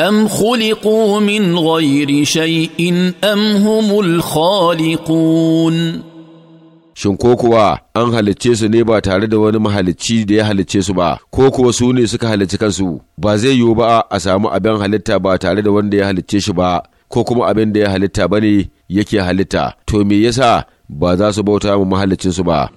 أم خلقوا من غير شيء أم هم الخالقون Shin ko kuwa an halicce su ne ba tare da wani mahalicci da ya halicce su ba, ko kuwa su ne suka halicci kansu, ba zai yiwu ba a samu abin halitta ba tare da wanda ya halicce shi ba, ko kuma abin da ya halitta ba ne yake halitta, to me yasa ba za su bauta mu mahalicinsu ba.